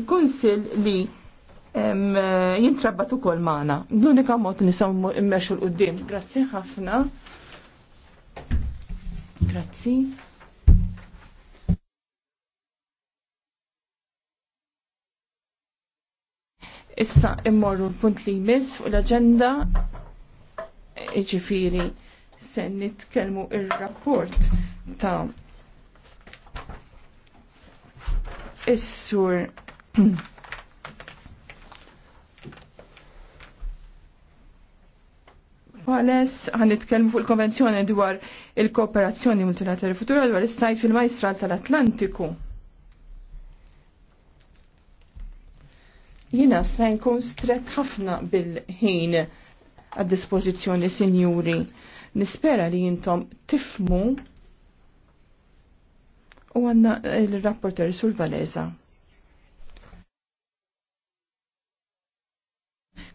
il-Kunsil li jintrabbatu kol magħna. L-unika mod nisaw immexxu l-qudiem. Grazzi ħafna. Grazzi. Issa immorru l-punt li jmiss fuq l-aġenda iġifiri se nitkellmu il rapport ta' is-sur Għales, għan nitkellmu fuq il-konvenzjoni dwar il-kooperazzjoni multilaterali futura dwar is-sajt fil-majstral tal-Atlantiku. Jina se nkun stret ħafna bil-ħin għad dispożizzjoni sinjuri. Nispera li jintom tifmu u għanna il-rapporter Sul Valeza.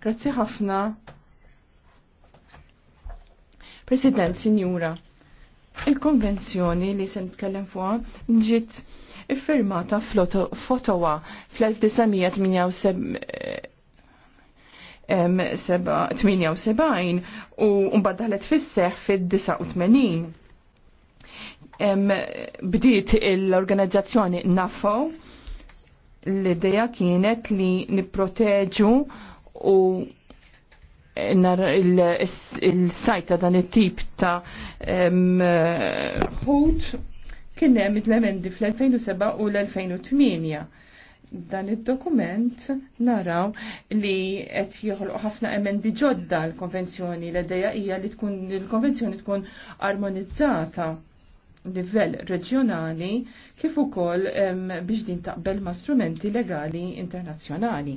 Grazzi ħafna. President, Sinjura, il-konvenzjoni li se nitkellem fuqha ġiet iffirmata f'Ottawa fl-1978 78 u daħlet fis seħħ fid-89. Bdiet l-organizzazzjoni NAFO l-ideja kienet li nipproteġu u il-sajta dan it-tip ta' ħut kien hemm il-emendi fl-2007 u l-2008. Dan id-dokument naraw li qed joħloq ħafna emendi ġodda l-konvenzjoni l-idea hija li tkun il-konvenzjoni tkun armonizzata livell reġjonali kif ukoll biex din taqbel ma' strumenti legali internazzjonali.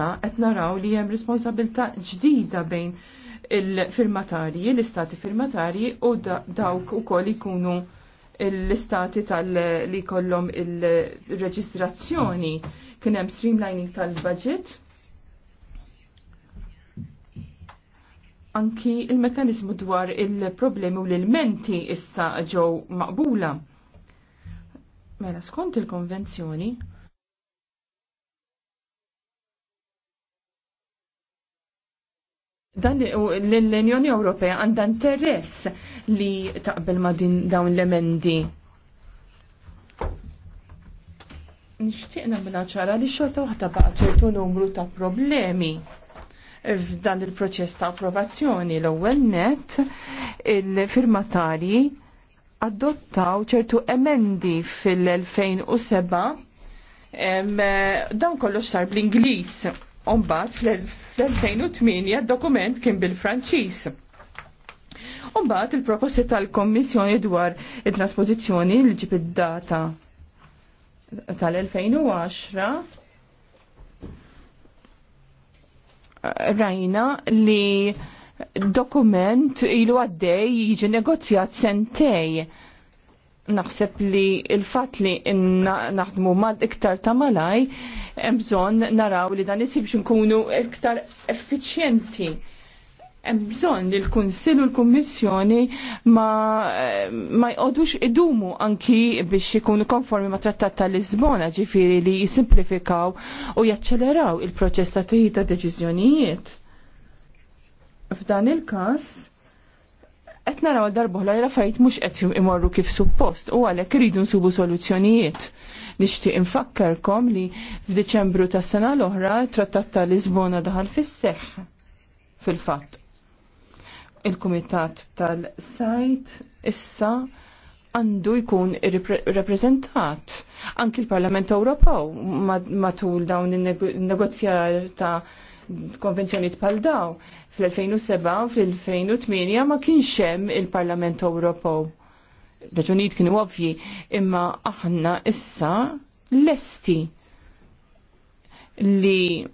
issa qed naraw li hemm responsabilità ġdida bejn il-firmatarji, l-istati firmatarji u dawk ukoll ikunu l-istati tal li kollom il-reġistrazzjoni kien hemm streamlining tal-budget. Anki il-mekanizmu dwar il-problemi u l-elementi issa ġew maqbula. Mela skont il-konvenzjoni, Dan l-Unjoni Ewropea għandha interess li taqbel ma' din dawn l-emendi. Nixtieqna minna ċara li xorta waħda baqa' ċertu numru ta' problemi f'dan il-proċess ta' approvazzjoni l-ewwel net il-firmatari adottaw ċertu emendi fil-2007 eh, dawn kollox sar bl-Ingliż Umbat fl-2008 dokument kien bil-Franċiż. Umbat il-proposti tal-Kommissjoni dwar it-trasposizjoni li ġib data tal-2010 rajna li dokument ilu għaddej jiġi negozjat sentej naħseb li il-fat li naħdmu mad iktar ta' malaj, bżonn naraw li dan isib nkunu iktar effiċjenti. bżonn li l-Kunsil u l-Kommissjoni ma, ma jqodux idumu anki biex ikunu konformi ma trattat ta' Lisbona ġifiri li jisimplifikaw u jaċċeleraw il-proċess ta' ta' deċiżjonijiet. F'dan il-kas, qed naraw għal darbohla li fajt mhux qed imorru kif suppost u għalhekk iridu nsubu soluzzjonijiet. Nixtieq infakkarkom li f'Diċembru tas-sena l-oħra trattat ta' Lisbona daħal fis-seħħ fil-fatt. Il-Kumitat tal-Sajt issa għandu jkun rappresentat anki l-Parlament Ewropew matul dawn in-negozjar ta' konvenzjoniet pal daw fl-2007 u fl-2008 ma kienx hemm il-Parlament Ewropew. Raġunijiet kienu ovvji, imma aħna issa lesti li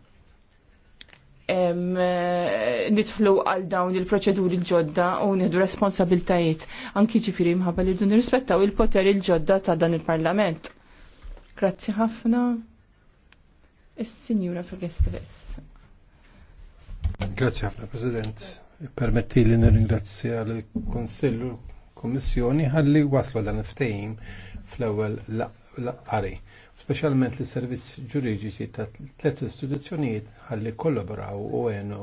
nidħlu għal dawn il-proċeduri l-ġodda u nħedu responsabiltajiet anki ġifiri mħabba li rridu nirrispettaw il-poteri l-ġodda ta' dan il-Parlament. Grazzi ħafna. Is-Sinjura Fagesteres. Grazie ħafna President. Permetti li nirringrazzja l-Konsillu Kommissjoni ħalli waslu dan ftehim fl-ewwel laqari. Speċjalment li servizz ġuridiċi ta' tlet istituzzjonijiet ħalli kollaboraw u għenu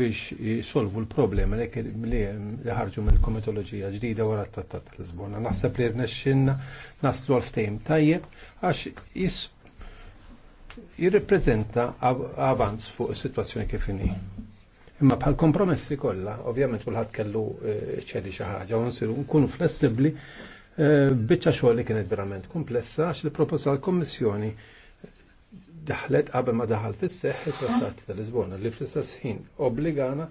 biex jisolvu l-problema li ħarġu mill-komitoloġija ġdida wara t-tattat l-Lisbona. Naħseb li rnexxinna naslu għal ftehim tajjeb għax jis jirrepreżenta avanz fuq is-sitwazzjoni kif inhi. Imma bħal kompromessi kollha, ovvjament kulħadd kellu ċedi xi ħaġa, u nkunu flessibbli biċċa xogħol li kienet verament komplessa għax li proposta l-Kommissjoni daħlet qabel ma daħal fis-seħħ it-Trattat ta' Lisbona li fl-istess ħin obbligana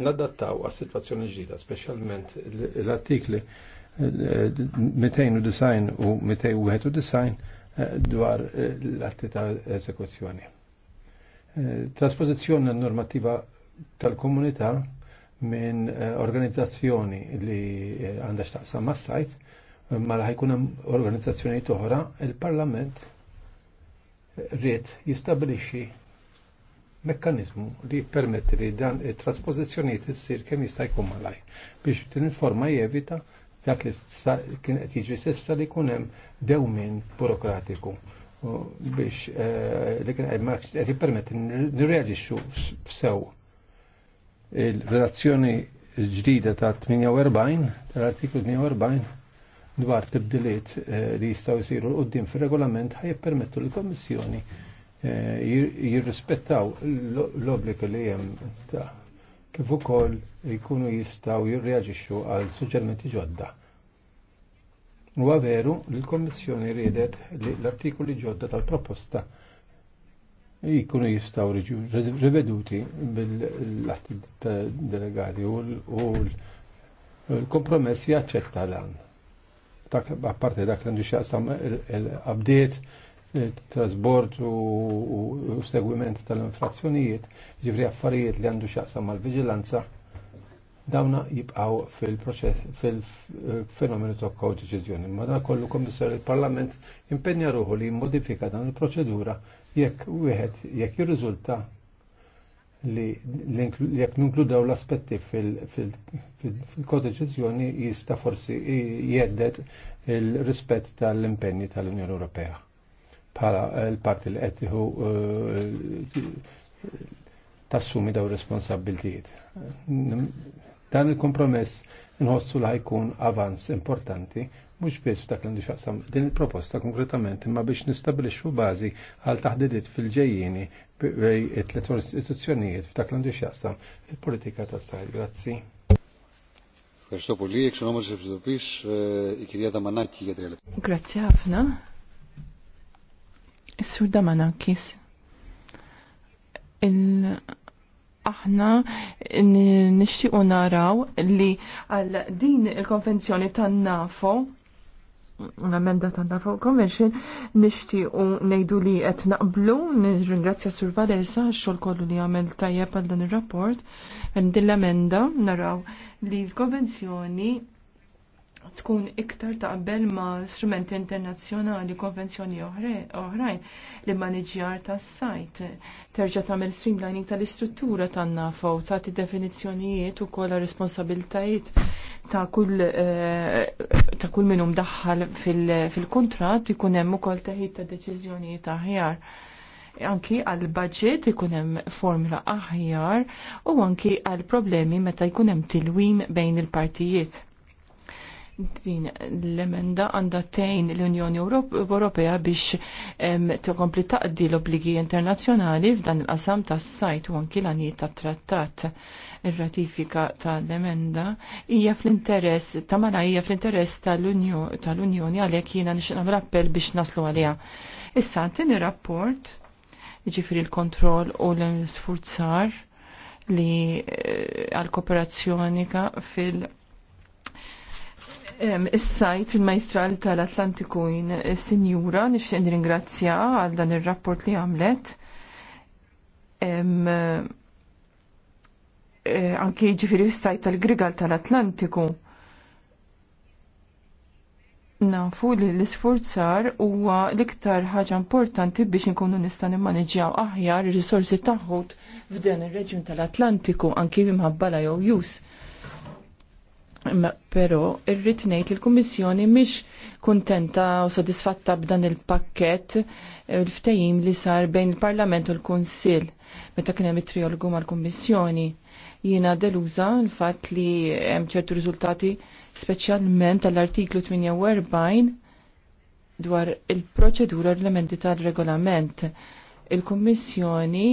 nadattaw għas-sitwazzjoni ġdida, speċjalment l-artikli 290 u design. Eh, dwar eh, l-atti ta' eżekuzzjoni. Eh, trasposizzjoni normativa tal-komunità minn organizzazzjoni li għandha xtaqsam ma' sajt, mala ħajkun hemm organizzazzjoni oħra, il-Parlament rrit jistabilixxi mekkanizmu li permetti li dan it-trasposizzjonijiet issir kemm jista' jkun malaj biex tinforma jevita dak li kien qed jiġri s'issa li jkun hemm dewmin burokratiku biex eh, li kien qed jippermetti nirreaġixxu f'sew il-relazzjoni ġdida ta' 48 tal-artiklu 48 dwar tibdiliet eh, li jistgħu jsiru l-qudiem fir-regolament ħajjippermettu l-Kommissjoni eh, jirrispettaw l-obbligu li hemm ta' kif ukoll jkunu jistgħu jirreaġixxu għal suġġerimenti ġodda. Huwa veru li l-Kommissjoni riedet li l-artikoli ġodda tal-proposta jkunu jistgħu riveduti bil-atti delegati u l-kompromess jaċċetta l-għan. Apparti dak l-għandu xaqsam l-abdiet il-trasbord u segwiment tal-infrazzjonijiet, ġivri affarijiet li għandu xaqsam mal-vigilanza, dawna jibqaw fil-proċess, fil-fenomenu ta' kodeċizjoni. Ma dan kollu komissar il-Parlament impenja ruħu li modifika dan il-proċedura jekk wieħed jekk jirriżulta li jekk ninkludaw l-aspetti fil-kodeċizjoni jista' forsi jeddet il-rispett tal impenni tal-Unjoni Ewropea bħala l-parti li qed eh, tassumi daw responsabiltijiet. Dan il-kompromess nħossu li ħajkun avanz importanti mhux biss dak li xaqsam din il-proposta konkretament imma biex nistabilixxu bażi għal taħdidiet fil-ġejjieni bej it-tlet istituzzjonijiet f'dak li xaqsam il-politika ta' sajl Grazzi. Grazzi πολύ. Grazie, Is-sur Damanakis. aħna nixtiequ naraw li għal din il-konvenzjoni tan-NAFO l-amenda tan-NAFO Convention nixtiequ ngħidu li qed naqblu, nirringrazzja Sur Valesa xol xogħol kollu li għamil tajjeb għal dan ir-rapport din l-amenda naraw li l-konvenzjoni tkun iktar taqbel ma' strumenti internazzjonali, konvenzjoni oħrajn li maniġjar tas sajt terġa' tagħmel streamlining tal-istruttura tan-nafa u tagħti definizzjonijiet kolla responsabiltajiet ta' kull eh, ta' kull minhom daħħal fil-kuntratt ikun hemm ukoll teħid ta' deċiżjonijiet aħjar anki għal budget ikun hemm formula aħjar u anki għal problemi meta jkun hemm tilwim bejn il-partijiet din l-emenda għandha tejn l-Unjoni Ewropea biex tkompli taqdi l-obligi internazzjonali f'dan il-qasam tas-sajt u anki l-għanijiet tat-trattat. Ir-ratifika tal-emenda hija fl-interess ta' mala hija fl-interess tal-Unjoni għalhekk jiena nixtieq nagħmel appell biex naslu għaliha. Issa ir rapport ġifiri l-kontroll u l-sfurzar li eh, għal-kooperazzjoni fil- Is-sajt il-Majstral tal-Atlantiku in eh, Sinjura nixtieq nirringrazzja għal dan ir-rapport li għamlet. Eh, Anke jiġifieri s-sajt tal-Grigal tal-Atlantiku. Nafu li l-isfurzar huwa l-iktar ħaġa importanti biex inkunu nista' nimmaneġġjaw aħjar ir-risorsi tagħhom f'dan ir-reġjun tal-Atlantiku anki minħabba la jew Pero irrid ngħid il-Kummissjoni mhix kuntenta u sodisfatta b'dan il-pakkett eh, il-ftehim li sar bejn il-Parlament u l-Kunsill meta kien hemm it triolgu mal-Kummissjoni. Jiena deluża l-fatt li hemm ċertu riżultati speċjalment tal-artiklu 48 dwar il-proċedura l-elementi tal-regolament. Il-Kummissjoni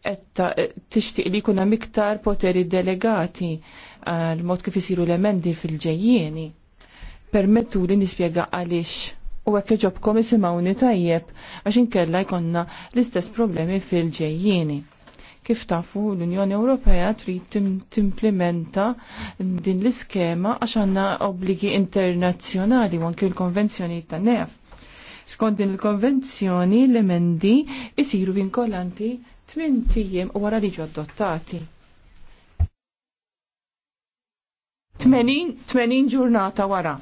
eh, tixtieq li jkun hemm iktar poteri delegati l-mod kif isiru l-emendi fil-ġejjieni, permettu li nispjega għaliex u għek ġobkom isimawni tajjeb għax inkella jkonna l-istess problemi fil-ġejjieni. Kif tafu l-Unjoni Ewropea trid timplementa din l-iskema għax għandna obbligi internazzjonali u anke l-konvenzjoni ta' nef. Skont din il-konvenzjoni l-emendi isiru vinkolanti 8 tiem u wara li ġu adottati. 80 ġurnata wara.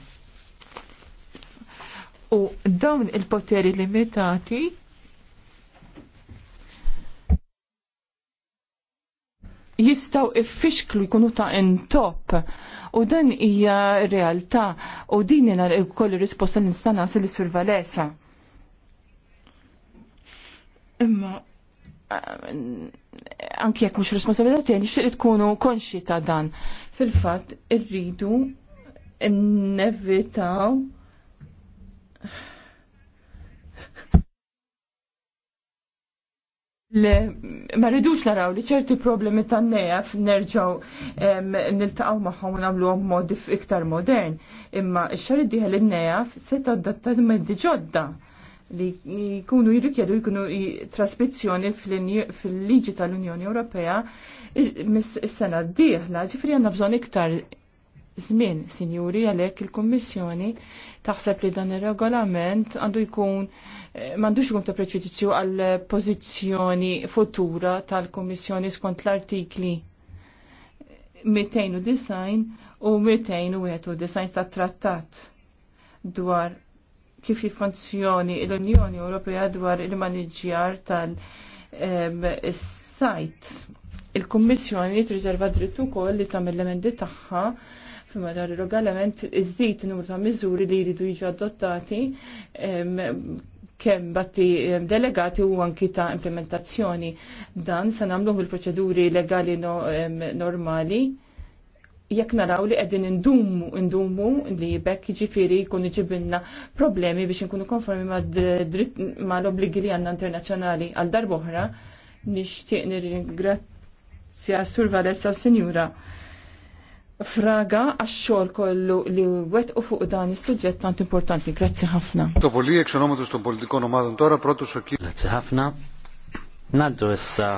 U dawn il-poteri limitati jistaw iffixklu jkunu ta' intop u dan hija realtà u din hija kollu risposta li nista' nagħsil survalesa Imma anki jekk mhux responsabilità tiegħi nixtieq tkunu konxji ta' dan. Fil-fatt irridu Le, ma rridux naraw li ċerti problemi tan nejaf nerġaw niltaqaw magħhom u nagħmluhom mod iktar modern. Imma x-xar diħel in-nejaf se tadatta mezzi ġodda li jkunu jirrikjedu jkunu traspizzjoni fil-liġi tal-Unjoni Ewropea mis-sena d-dieħla, ġifri għanna bżon iktar żmien, sinjuri, għalhekk il-Kummissjoni taħseb li dan ir-regolament għandu jkun eh, m'għandux jkun ta' preċedizzju għal pożizzjoni futura tal-Kummissjoni skont l-artikli 209 u 291 tat-trattat dwar kif jifunzjoni l-Unjoni Ewropea dwar il-maniġjar tal-sajt. Il-Kummissjoni tirriserva dritt ukoll li tagħmel l-emendi tagħha f'madwar ir il-regolament iżdid numru ta' miżuri li jridu jiġu adottati kemm batti delegati u anki ta' implementazzjoni. Dan se nagħmluh il proċeduri legali normali jekk naraw li qegħdin indumu indumu li bekk jiġifieri jkun iġibilna problemi biex inkunu konformi ma' l-obbligi li għandna internazzjonali għal darb'oħra nixtieq nirringrazzja Sur Valessa u Sinjura fraga għax-xogħol kollu li wet u fuq dan is-suġġett tant importanti. Grazzi ħafna. tora Grazzi ħafna. Naddu issa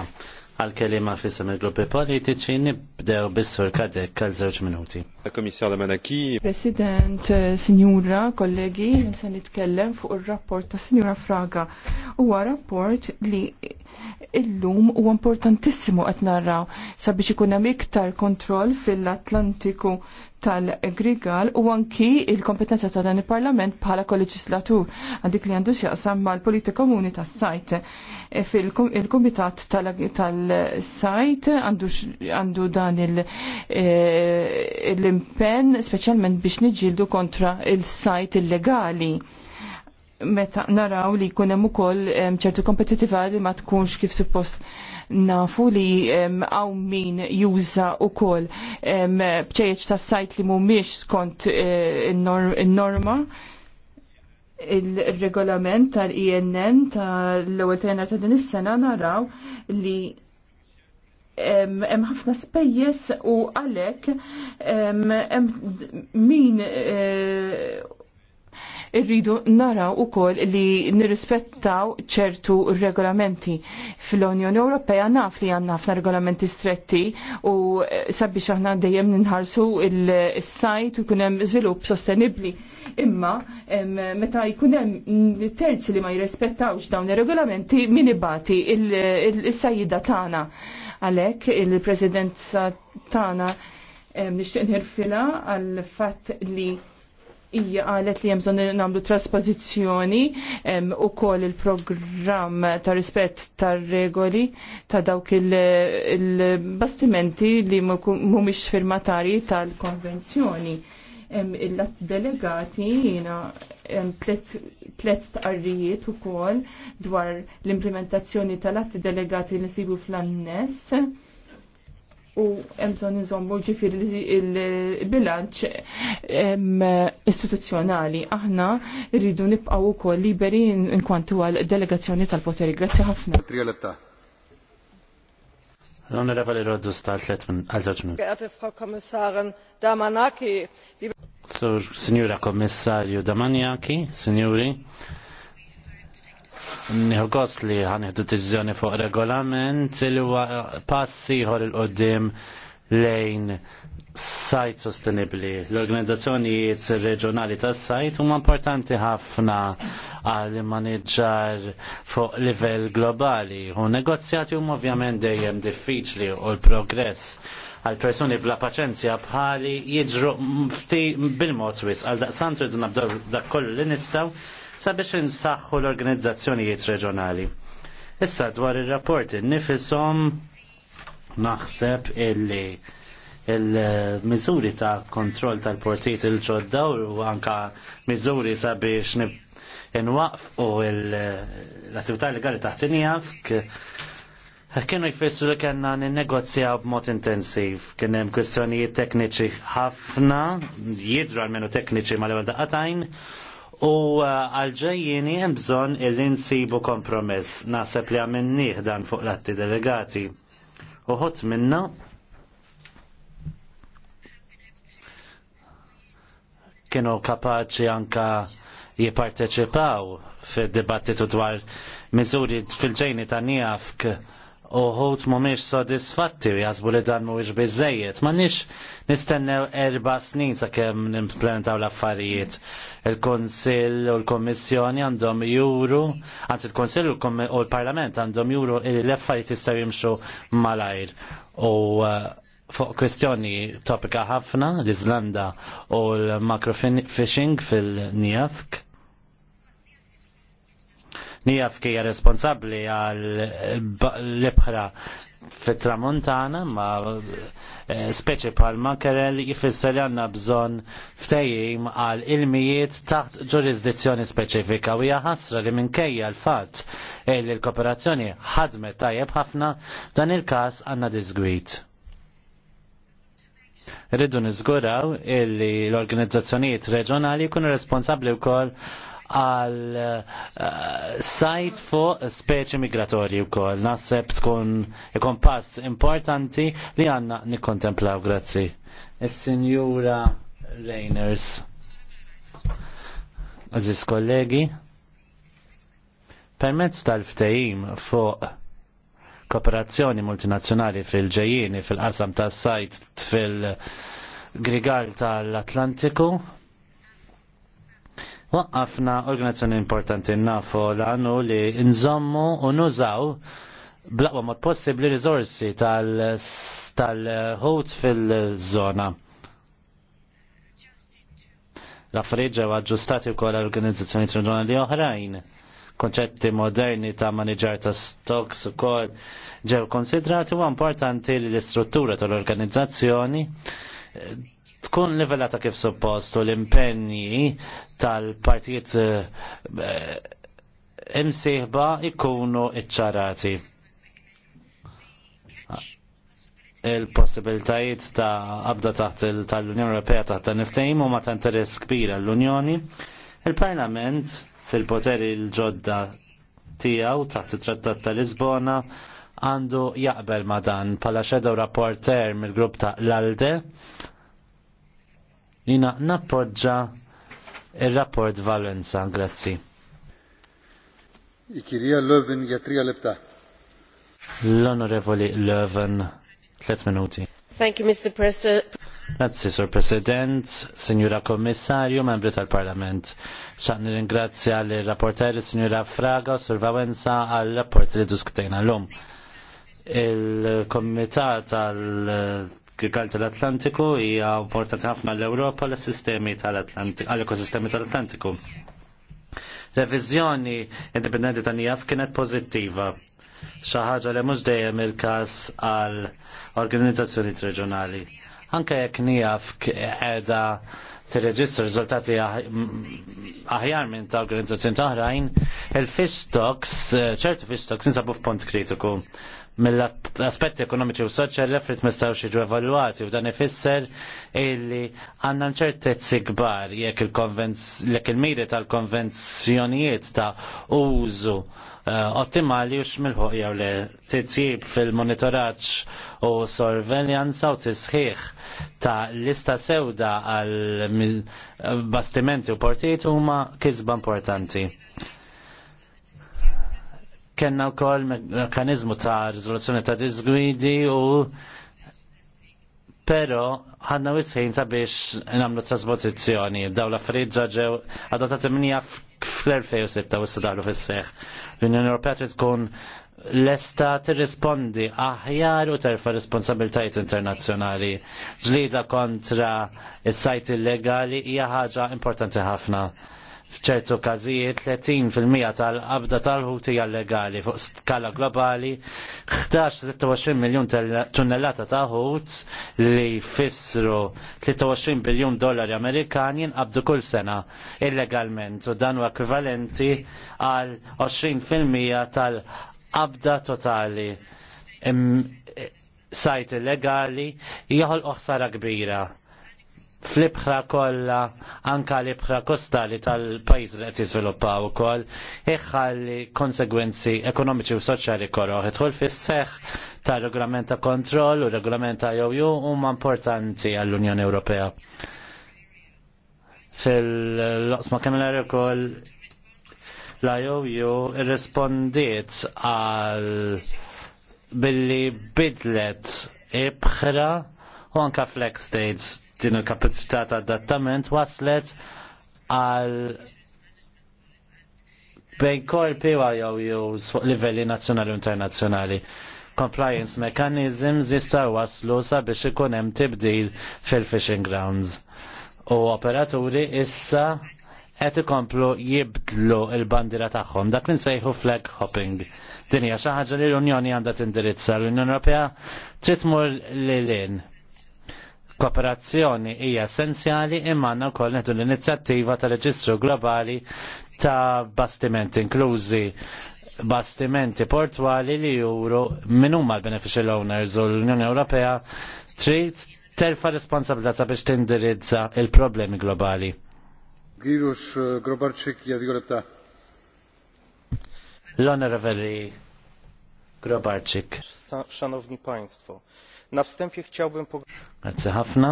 għal-kelima fissam il-gruppi politiċi nibdew bissur kadek għal żewġ minuti. Komissar Manaki. President, eh, signora, kollegi, nisa nitkellem fuq il-rapport ta' signora Fraga. Huwa rapport li illum u importantissimu qed narraw sabiex ikun hemm iktar kontroll fil-Atlantiku tal-Grigal u anki il-kompetenza ta' dan il-Parlament bħala kol-leġislatur għandik li għandu ma' mal politi komuni tas sajt e, fil-komitat tal-sajt għandu dan e, l-impen specialment biex nġildu kontra il-sajt illegali meta naraw li jkun hemm ukoll ċertu kompetitivali li ma tkunx kif suppost Nafu li għaw min juża u kol bċejċ ta' sajt li miex skont eh, norma il-regolament tal-INN tal-ewwel tajna ta' din is-sena naraw li hemm ħafna spejjeż u għalhekk min eh, irridu naraw ukoll li nirrispettaw ċertu regolamenti. Fil-Unjoni Ewropea naf li għandna regolamenti stretti u eh, sabiex aħna dejjem ninħarsu il-sajt u jkun hemm żvilupp sostenibbli. Imma meta jkun hemm terzi li ma jirrispettawx dawn ir-regolamenti min ibati il-sajjida tagħna. Għalhekk il-Presidenza tagħna nixtieq nirfila għal fatt li Ija għalet li jemżon namlu traspozizjoni u koll il-program ta' rispett ta' regoli ta' dawk il-bastimenti li mumiex firmatari tal-konvenzjoni. Il-lat delegati jina tlet tqarrijiet u kol dwar l-implementazzjoni tal att delegati li sibu fl-annes u emżon nżommu ġifir il-bilanċ istituzzjonali. Aħna rridu nibqaw ukoll liberi inkwantu għal delegazzjoni tal-poteri. Grazie ħafna. tlet minn għal Għate Kommissarin Damanaki. Sur, Signora Kommissarju Damanaki, Signori, Nħu gos li ħanħdu deċiżjoni fuq regolament li huwa passi ħor il-qoddim lejn sajt sostenibli. L-organizzazzjonijiet reġjonali tas sajt huma importanti ħafna għal maneġġar fuq livell globali. U negozjati huma ovvjament dejjem diffiċli u l-progress għal persuni bla paċenzja bħali jiġru bil-mod wis għal daqsant tridu dak kollu li nistgħu sabiex insaħħu l-organizzazzjonijiet reġjonali. Issa dwar ir-rapport innifisom naħseb illi il-mizuri ta' kontroll tal-portijiet il-ġodda u anka mizuri sabiex nwaqf u l-attività legali taħt injafk kienu jfissu li kena n-negozja b'mod intensiv. Kien hemm kwistjonijiet tekniċi ħafna, jidru minnu tekniċi mal-ewwel daqatajn U uh, għalġejjini hemm bżonn illi insibu kompromess. Naħseb li għamilnih dan fuq l-atti delegati. Uħut minna kienu kapaċi anka jipparteċipaw fil-dibattitu dwar miżuri fil-ġejni ta' nijafk uħut mumiex sodisfatti u jazbu li dan mhuwiex bizzejiet. Ma nix nistennew erba snin sakemm nimplementaw l-affarijiet. Il-Konsil u l-Kommissjoni għandhom juru, anzi il-Konsil u l-Parlament għandhom juru l-affarijiet jistgħu jimxu malajr. U uh, fuq kwestjoni topika ħafna, l-Iżlanda u l-macrofishing fil-Nijafk. Nijafk hija responsabbli għal l-ibħra fit-tramontana ma eh, speċi pal makerel jifisser li għanna bżon ftejim għal ilmijiet taħt ġurisdizzjoni speċifika u jaħasra li minkejja l-fat eh, li l-kooperazzjoni ħadmet tajjeb ħafna dan il-kas għanna disgwit. Rridu nizguraw illi l-organizzazzjonijiet reġjonali jkunu responsabli wkoll għal eh, sajt fuq speċi migratorji wkoll. Naħseb tkun ikon pass importanti li għandna nikkontemplaw, grazzi. il sinjura Reyners. Aziz kollegi, permezz tal-ftehim fuq kooperazzjoni multinazzjonali fil-ġejjini fil-qasam tas-sajt fil-grigal tal-Atlantiku, waqqafna organizzazzjoni importanti nafu l-għannu li nżommu u nużaw blaqwa mod possibli rizorsi tal-ħut tal ħut fil L-affarijiet ġew aġġustati wkoll organizzazzjoni reġjonali oħrajn. Konċetti moderni ta' maniġar ta' stocks ukoll ġew konsidrati u importanti li l-istruttura tal-organizzazzjoni tkun livellata kif suppost u l-impenji tal-partijiet imsieħba eh, jkunu iċċarati. Il-possibilitajiet ta' abda taħt tal-Unjoni Ewropea taħt ta' niftejm u ma ta' interess kbir għall-Unjoni. Il-Parlament fil-poteri l-ġodda tiegħu taħt it-Trattat ta' Lisbona għandu jaqbel ma dan pala shadow rapporter mill-grupp ta' l-Alde jina nappoġġa Il-rapport Valenza, grazzi. Ikirija Löwen jatrija lepta. L-Onorevoli Löwen, tlet minuti. Thank you, Mr. President. Grazzi, Sur President, Signora Kommissarju, membri tal-Parlament. Xaqni ringrazzja l-rapporteri Signora Fraga, Sir Valenza, għal-rapport li diskutejna l-lum. Il-Komitat tal l tal-Atlantiku e hija importanti ħafna l-Ewropa l-sistemi tal-Atlantiku, għall-ekosistemi tal-Atlantiku. Reviżjoni indipendenti ta' Nijaf e kienet pożittiva. Xi ħaġa li mhux dejjem il-każ għal organizzazzjoni reġjonali. Anke jekk Nijaf e qiegħda tirreġistra riżultati aħjar minn ta' organizzazzjoni ta' oħrajn, il-fish stocks, ċertu fish stocks insabu f'pont kritiku mill-aspetti ekonomiċi u soċjali l-effrit mistawx jiġu evalwati u dan ifisser illi għandna nċertezzi kbar jekk il-miri tal-konvenzjonijiet ta' użu eh, ottimali u xmilħuq jew le titjib fil-monitoraġġ u sorveljanza u tisħiħ ta' lista sewda għal bastimenti u portijiet huma kisba importanti. Kenna u kol mekanizmu ta' rizoluzzjoni ta' disgwidi u Pero ħanna wisħin ta' biex namlu trasposizjoni. Daw la fridġa ġew adottat minija fl-2006 u s-dalu fis-seħ. L-Unjoni Ewropea trid tkun l-esta tirrispondi aħjar u terfa responsabiltajiet internazzjonali. Ġlida kontra is-sajt illegali hija ħaġa importanti ħafna f'ċertu każijiet 30% tal-qabda tal-ħut hija legali fuq skala globali, 11-26 miljun tunnellata ta' ħut li jfissru 23 biljun dollari Amerikani jinqabdu kull sena illegalment u dan huwa ekvivalenti għal 20% tal-qabda totali sajt illegali jħol oħsara kbira fl-ibħra kollha anka l-ibħra kostali tal-pajjiż li qed jiżviluppaw ukoll iħalli konsegwenzi ekonomiċi u soċjali korroħ idħol fis-seħħ tar regolament ta' kontroll u regolament ta' jew huma importanti għall-Unjoni Ewropea. Fil-loqsma kemmel ukoll la iou e irrespondiet għal billi bidlet ibħra u anka flex states din il-kapacità ta' adattament waslet għal bejn korpi għajaw jew fuq livelli nazzjonali u internazzjonali. Compliance mechanisms jistaw waslu sabiex ikun hemm tibdil fil-fishing grounds. U operaturi issa qed ikomplu jibdlu il-bandira tagħhom dak li nsejħu flag hopping. Din hija xi ħaġa li l-Unjoni għandha tindirizza l-Unjoni Ewropea trid tmur lilin Kooperazzjoni hija essenzjali imma għandna wkoll netu l-inizjattiva tal-Reġistru Globali ta' bastimenti inklużi bastimenti portwali li juru minn huma l l owners u l-Unjoni Ewropea trid terfa responsabilità sabiex tindirizza il-problemi globali. Girux eh, Grobarczyk jadgolebta. L-Honorable Grobarczyk. Szanowni Państwo, Na wstępie chciałbym... Grazie ħafna.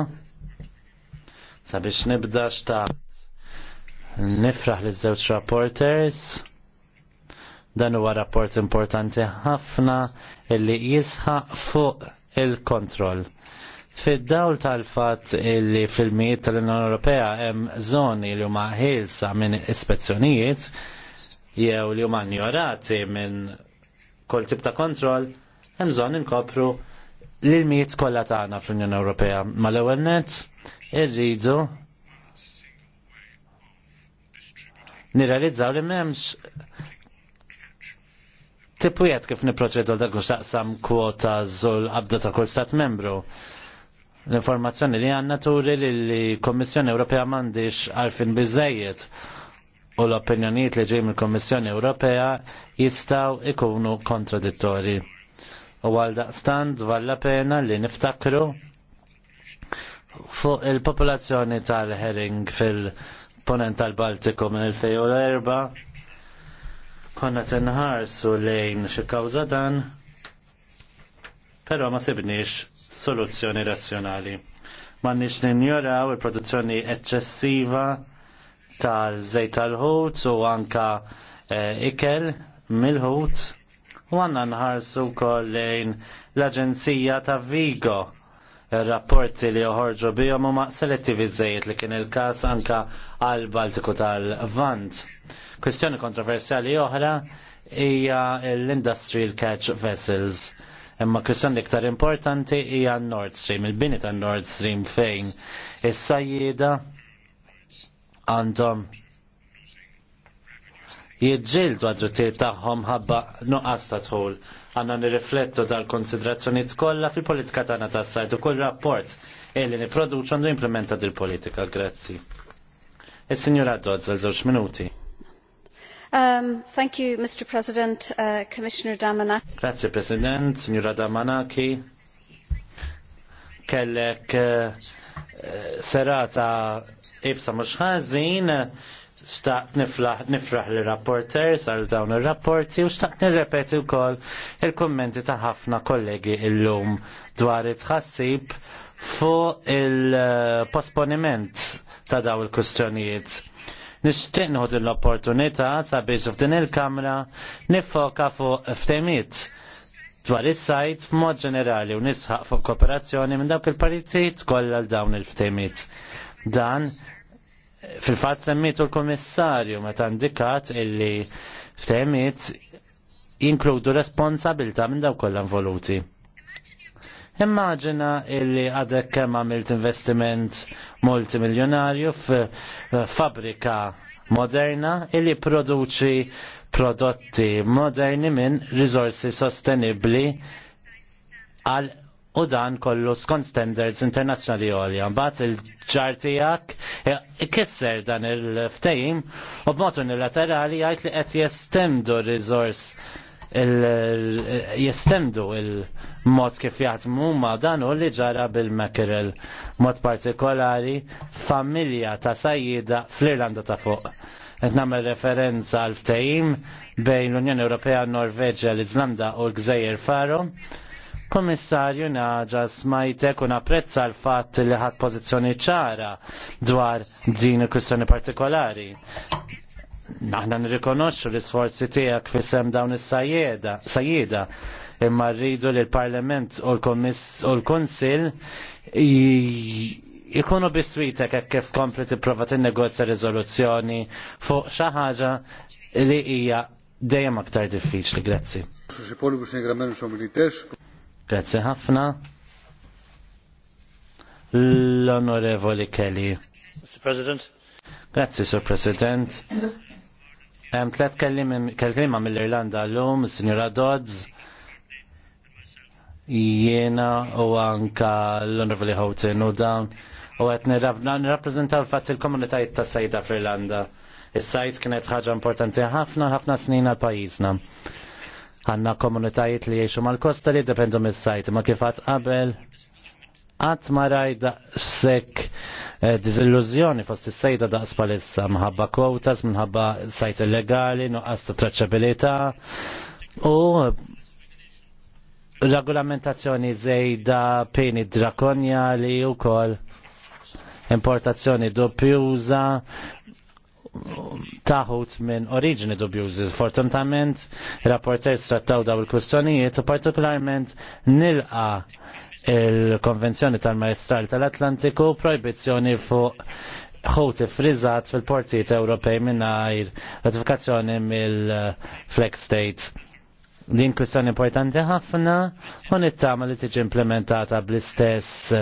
Sabiex nibda xtaqt nifraħ li żewġ rapporters. Dan huwa rapport importanti ħafna illi jisħaq fuq il-kontroll. Fid-dawl tal-fatt li fil-mijiet tal-Unjoni Ewropea hemm żoni li huma ħilsa minn ispezzjonijiet jew li huma ignorati minn kull tip ta' kontroll, hemm bżonn inkopru l-ilmijiet kollha tagħna fl-Unjoni Ewropea mal-ewwel nett irridu nirrealizzaw li m'hemmx tipwiet kif niproċedu dak saqsam kwota żul qabda ta' kull stat membru. L-informazzjoni li għanna turi li l-Kommissjoni Ewropea mandiġ għalfin bizzejiet u l-opinjonijiet li ġej mill-Kommissjoni Ewropea jistaw ikunu kontradittori. U għal daqstant valla pena li niftakru fuq il-popolazzjoni tal-herring fil-ponent tal-Baltiku minn il erba konna tinħarsu lejn xi kawża dan, però ma sibniex soluzzjoni razzjonali. Ma nix ninjoraw il-produzzjoni eccessiva tal zejt tal-ħut u anka eh, ikel mill-ħut u għanna nħarsu wkoll lejn l-Aġenzija ta' Vigo rapporti li joħorġu bihom huma ma' żejjed li kien il-każ anka għal Baltiku tal-Vant. Kwistjoni kontroversjali oħra hija l-Industrial Catch Vessels. Imma kwistjoni iktar importanti hija Nord Stream, il-bini tan Nord Stream fejn is sajjida għandhom jidġildu għadrittijiet tagħhom ħabba nuqqas ta' tħul. Għandna nirriflettu dal-konsiderazzjonijiet kollha fil-politika tagħna tas-sajt u kull rapport illi nipproduċu għandu implementa dil-politika. Grazzi. Is-Sinjura Dodds għal żewġ minuti. Um, thank you, Mr. President, uh, Commissioner Damanaki. Grazie, President, Signora Damanaki. Kellek uh, serata ibsa mux Uh, Staqt nifraħ li rapporter sal dawn ir-rapporti u staqt nirrepeti wkoll il-kummenti ta' ħafna kollegi llum dwar it-tħassib fuq il-posponiment ta' daw il-kustjonijiet. Nixtieq nħod l-opportunità sabiex f'din il-kamra nifoka fuq ftemiet dwar is-sajt f'mod ġenerali u nisħaq fuq kooperazzjoni minn dawk il-paritiet kollha l dawn il-ftemiet. Dan fil-fat semmitu l-komissarju meta indikat illi f'temiet jinkludu responsabilta minn daw kollha involuti. Immaġina illi għadek kemm għamilt investiment multimiljonarju f'fabrika moderna illi produċi prodotti moderni minn risorsi sostenibli għal u dan kollu skont standards internazzjonali għolja. Mbagħad il-ġar tiegħek eh, kisser dan il-ftehim u b'mod unilaterali jgħid li qed jestemdu riżors jestemdu il-mod kif jaħdmu ma dan u li ġara bil-mekkerel mod partikolari familja ta' sajjida fl-Irlanda ta' fuq. Qed nagħmel referenza għal ftehim bejn l-Unjoni Ewropea, Norveġa, l izlanda u l-Gżejjer Faro Komissarju naġa smajtek u napprezza l-fatt li ħat pożizzjoni ċara dwar din il-kwistjoni partikolari. Naħna nirrikonoxxu l-isforzi tiegħek sem dawn is sajjeda imma rridu li l-Parlament u l kunsill ikunu biswitek hekk kif tkompli tipprova tinnegozja riżoluzzjoni fuq xi ħaġa li hija dejjem aktar diffiċli. Grazzi. Grazzi ħafna. L-Onorevoli Kelly. Mr. President. Grazzi, Sir President. Hemm tliet kelliema mill-Irlanda llum, is-Sinjura Dodds, jiena u anka l onorevoli Houghton u dawn u qed nirrapprezentaw l-fat il-komunitajiet tas sajda fl-Irlanda. Is-sajt kienet ħaġa importanti ħafna ħafna snin għal pajjiżna. Għanna komunitajiet li jiexu mal-kosta li dependu mis-sajt, ma kifat qabel għat ma rajda sekk eh, dizillużjoni fost is-sejda daqs palissa mħabba kwotas, minħabba sajt illegali, nuqqas ta' traċabilita u regolamentazzjoni zejda peni drakonjali u kol importazzjoni doppjuża taħut minn oriġni dubjużi. Fortunatament, rapporter strattaw daw il-kustjonijiet u partikolarment nilqa il-Konvenzjoni tal-Maestral tal-Atlantiku proibizjoni fuq ħoti frizzat fil-portijiet Ewropej mingħajr ratifikazzjoni mill-Flex State Din kwestjoni importanti ħafna u nittama li tiġi implementata bl-istess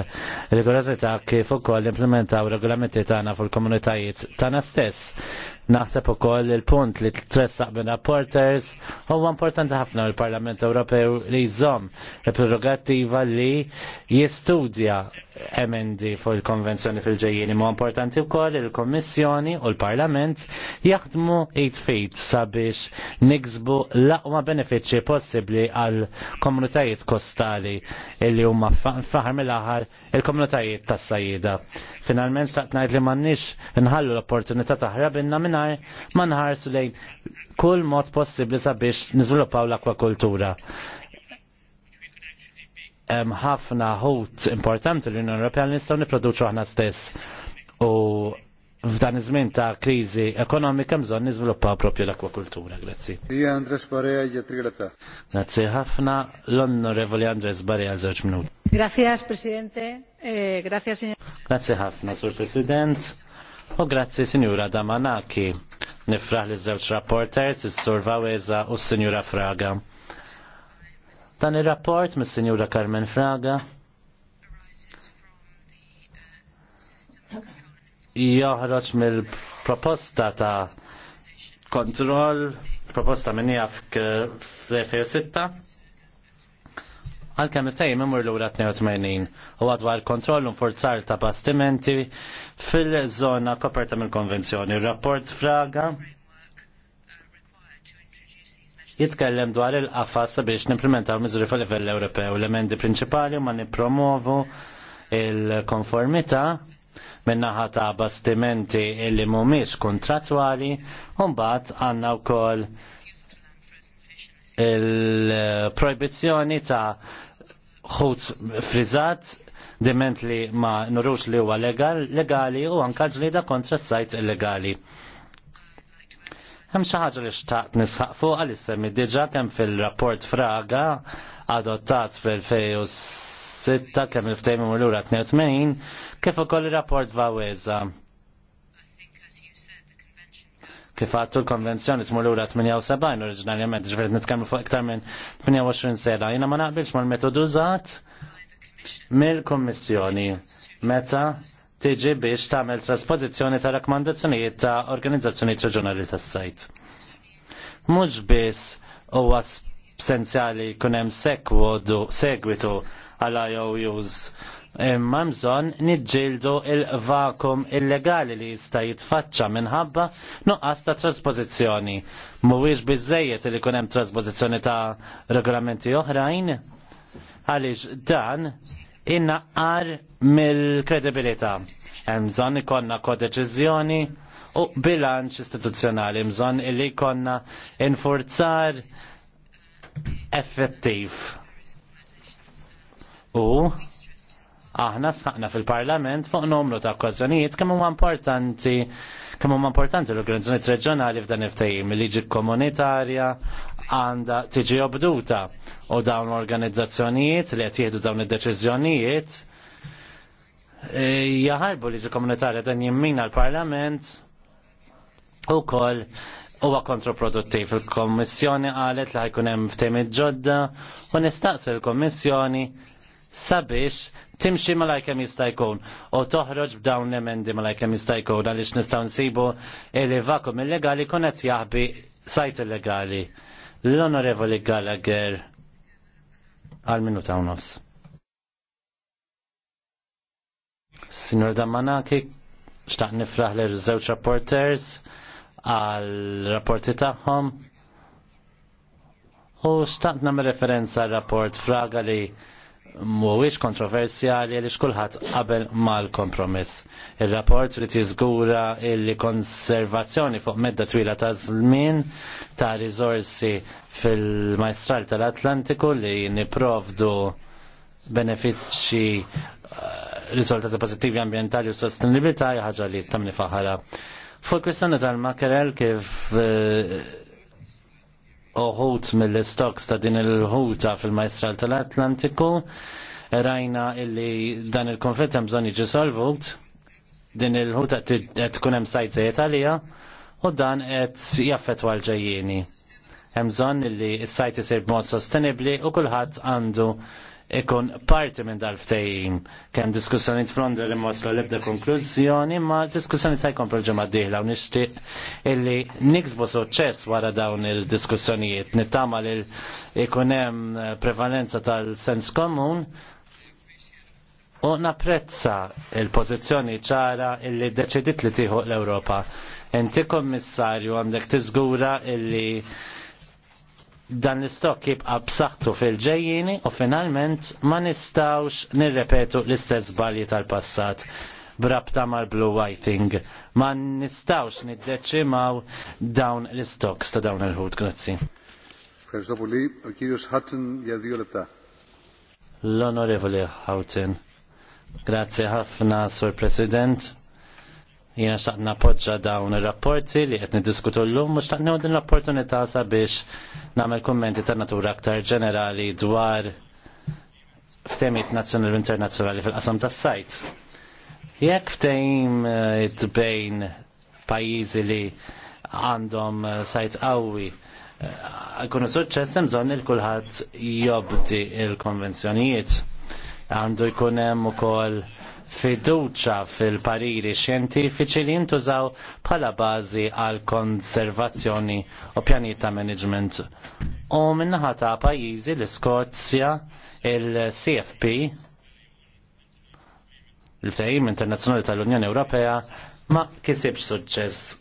rigorozità kif ukoll implementaw regolamenti tagħna fil-komunitajiet tagħna stess. Naħseb ukoll il-punt li tressaq minn rapporters huwa importanti ħafna l-Parlament Ewropew li jżomm il-prerogattiva li jistudja emendi fuq il-konvenzjoni fil-ġejjien imma importanti wkoll il-Kommissjoni u l-Parlament jaħdmu it fit sabiex niksbu l-aqwa benefiċċji possibbli għal komunitajiet kostali li huma faħar mill-aħħar il-komunitajiet tas-sajjida. Finalment xtaqt ngħid li m'għandniex inħallu l-opportunità taħrab minn ma nħarsu lejn kull mod possibli sabiex nizviluppaw l-akwakultura. ħafna ħut importanti l-Unjoni Ewropea li nistgħu nipproduċu aħna stess. U f'dan iż-żmien ta' kriżi ekonomika bżonn niżviluppaw propju l-akwakultura. Grazzi. Hija e Andres Barea jitrigata. Grazzi ħafna l-Onorevoli Andres Barea żewġ minuti. Grazie, Presidente. Eh, grazie, Signor. Grazie Hafna, Sur Presidente. U grazzi Sinjura Damanaki. Nifraħ li żewġ rapporters, is-Sur Vaweza u s-Sinjura Fraga. Dan ir-rapport mis-Sinjura Carmen Fraga joħroġ mill-proposta ta' kontroll, proposta minnija fl-2006, għal-kem il-tajim imur l għura 82 u għadwar kontroll u forzar ta' bastimenti fil-żona koperta mill-konvenzjoni. rapport Fraga jitkellem dwar il-qafas biex nimplementaw miżuri fil livell Ewropew. L-emendi prinċipali ma nipromovu il-konformità minnaħa ta' bastimenti illi mumiex kontratwali, mbagħad għandna wkoll il-proibizzjoni ta' ħut frizzat diment li ma nurux li huwa legal, legali u anka ġlida kontra s-sajt illegali. Hemm xi ħaġa li xtaqt nisħaq fuq għal semmi diġà kemm fil-rapport Fraga adottat fil-2006 kemm il-ftehim lura 82 kif ukoll ir-rapport Vaweza kif għattu l-konvenzjoni tmur lura 78 oriġinarjament, ġverit nitkellmu fuq iktar minn 28 sena. Jina ma naqbilx mal-metodu zat mill-Kommissjoni meta tiġi biex tagħmel trasposizzjoni ta' rakkomandazzjonijiet ta' organizzazzjonijiet reġjonali tas-sajt. Mhux biss huwa essenzjali jkun hemm segwitu għal IOUs imma bżonn niġġieldu il-vakum illegali li jista' jitfaċċa minħabba nuqqas ta' trasposizzjoni. Mhuwiex biżejjed li jkun hemm trasposizzjoni ta' regolamenti oħrajn, għaliex dan innaqqar mill-kredibilità. Hemm bżonn ikollna kodeċiżjoni u bilanċ istituzzjonali, bżonn illi jkollna infurzar effettiv. U aħna sħaqna fil-parlament fuq numru ta' okkażjonijiet kemm huma importanti kemm huma importanti l-organizzazzjonijiet reġjonali f'dan il-ftehim liġi komunitarja għandha tiġi obduta u dawn l-organizzazzjonijiet li qed jieħdu dawn id-deċiżjonijiet e, jaħarbu liġi komunitarja dan jimmina l-parlament u koll huwa kontraproduttiv. Il-Kommissjoni qalet li ħajkun hemm ftehim ġodda u nistaqsi l-Kommissjoni sabiex timxi mela jkemm jista' jkun u toħroġ b'dawn l-emendi mela jkemm jista' jkun għaliex nistgħu nsibu li vakum illegali konet qed jaħbi sajt illegali. L-Onorevoli Gallagher għal minuta u nofs. Signor Damanaki, xtaq nifraħ l-żewġ rapporters għal rapporti tagħhom. U xtaqt me referenza rapport fraga li mhuwiex kontroversjali li xkulħadd qabel mal-kompromiss. Ir-rapport li jiżgura li konservazzjoni fuq medda twila ta' żmien ta' rizorsi fil-majstral tal-Atlantiku li niprovdu benefiċċji eh, riżultati pożittivi ambjentali u sostenibilità ħaġa li tamni faħara. Fuq kwistjoni tal-makerel kif eh, uħut mill-istoks ta' din il-ħuta fil-Majstral tal-Atlantiku. Rajna illi dan il-konflitt hemm bżonn jiġi solvut, din il-ħuta qed tkun hemm sajtżejjed għalija u dan qed jaffettwa l-ġejjieni. Hemm bżonn illi s-sajt isir b'mod sostenibbli u kulħadd għandu ikun parti minn dal-ftejim. Kem diskussjoni f'Londra li moslu l-ebda konklużjoni, ma diskussjoni ta' jkun proġema diħla u nishtiq illi niksbu suċċess wara dawn il-diskussjonijiet. Nittama li ikunem prevalenza tal-sens komun u napprezza il-pozizjoni ċara illi deċidit li tieħu l-Ewropa. Inti kommissarju għandek tiżgura illi dan l-istokk jibqa' b'saħħtu fil-ġejjini u finalment ma nistawx nirrepetu l-istess balji tal-passat brabta mal-blue whiting. Ma nistawx niddeċimaw dawn l istokks ta' dawn il-ħut, grazzi. L-onorevoli Houghton. Grazie ħafna, Sur President. Jena xaqna poġġa dawn il-rapporti li għetni diskutu l-lum, mux taqnew din l-opportunità sabiex namel kommenti ta' natura aktar ġenerali dwar f'temit nazjonali u internazjonali fil-qasam tas sajt Jekk ftejm eh, id-bejn pajizi li għandhom eh, sajt qawwi, għakunu eh, suċċess imżon il-kulħadd jobdi il-konvenzjonijiet. Għandu jkunem u ukoll fiduċa fil-pariri xjentifiċi li jintużaw bħala bażi għal konservazzjoni u pjanijiet ta' management. U minnaħa ta' pajjiżi l-Iskozja, il-CFP, il-fejm internazzjonali tal-Unjoni Ewropea, ma kisibx suċċess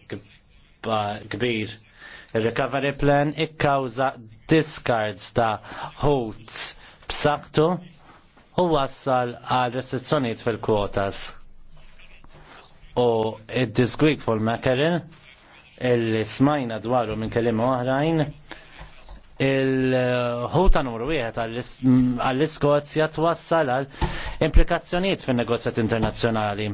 kbir. Il-recovery plan ikkawża discards ta' ħut b'saħħtu u wassal għal restrizzjonijiet fil-kwotas. U id fil Mackerin il smajna dwaru minn kelima oħrajn il-ħuta numru wieħed għall-Iskozja twassal għal implikazzjonijiet fin negozjat internazzjonali.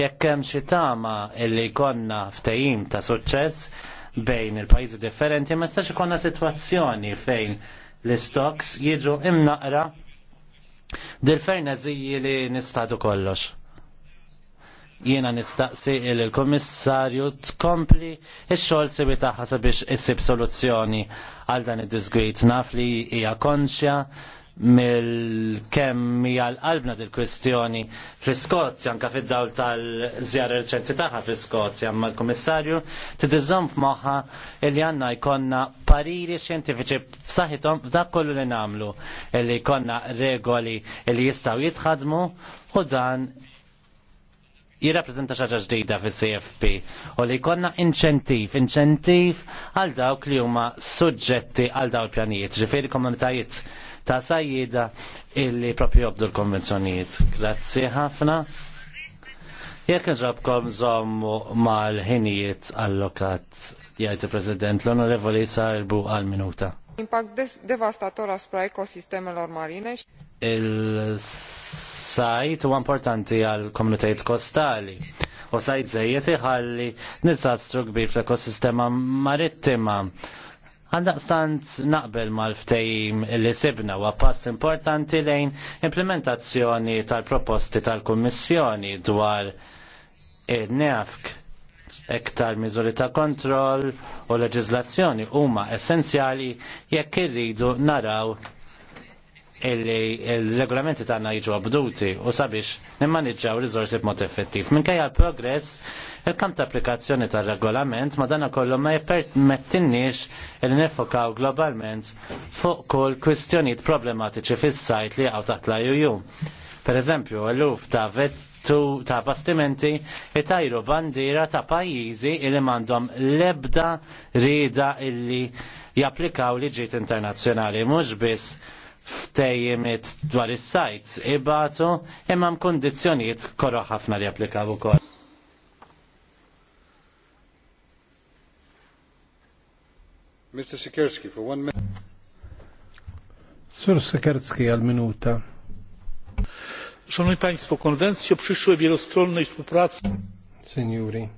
Jekk hemm xi tama illi konna ftehim ta' suċċess bejn il-pajjiżi differenti ma jistax ikonna sitwazzjoni fejn l-istoks jiġu imnaqra Dil-ferna li nistatu kollox jiena nistaqsi il-komissarju tkompli il-xol sibi taħħa sabiex issib soluzzjoni għal dan id-disgwit naf li hija konxja mill-kemm hija l-qalbna dil-kwistjoni fl-Iskozja, anka fid-dawl tal-żjara reċenti tagħha fl-Iskozja, imma l-Kummissarju titiżomm f'moħħa li għandna jkollna pariri xjentifiċi b'saħħithom f'dak kollu li nagħmlu li jkollna regoli li jistgħu jitħadmu u dan jirrappreżenta xaġa ġdida fis cfp u li jkollna inċentiv, inċentiv għal dawk li huma suġġetti għal dawk pjanijiet, ġifieri komunitajiet ta' sajjida illi propju jobdu l-konvenzjonijiet. Grazzi ħafna. Jekk nġabkom zommu mal-ħinijiet allokat, jgħid il-President, l-Onorevoli sarbu għal-minuta. Impact devastator asupra ekosistemelor marine. Il-sajt u importanti għal-komunitajiet kostali u sajt zejjed iħalli nizastru kbir fl-ekosistema marittima stant naqbel mal-ftejim li sibna u pass importanti lejn implementazzjoni tal-proposti tal-Kommissjoni dwar il-nefk iktar miżuri ta' kontroll u leġizlazzjoni huma essenzjali jekk irridu naraw illi il-regolamenti tagħna jiġu abduti u sabiex nimmaniġġaw riżorsi b'mod effettiv. Minkejja l-progress Il-kamp ta' applikazzjoni tal regolament ma dana kollu ma jippermettinniex il nifokaw globalment fuq kull kwistjonijiet problematiċi fis-sajt li għaw taħt l Pereżempju, Per eżempju, l-luf ta' vettu ta' bastimenti itajru bandira ta' pajjiżi li mandom lebda rida illi japplikaw liġiet internazzjonali mhux biss ftejjimiet dwar is-sajt ibatu imma m'kundizzjonijiet korra ħafna li applikaw ukoll. Mr. Sikerski, for one minute. Sur Sikerski, għal minuta. Szanowni Państwo, konwencja o przyszłej wielostronnej współpracy. Seniori,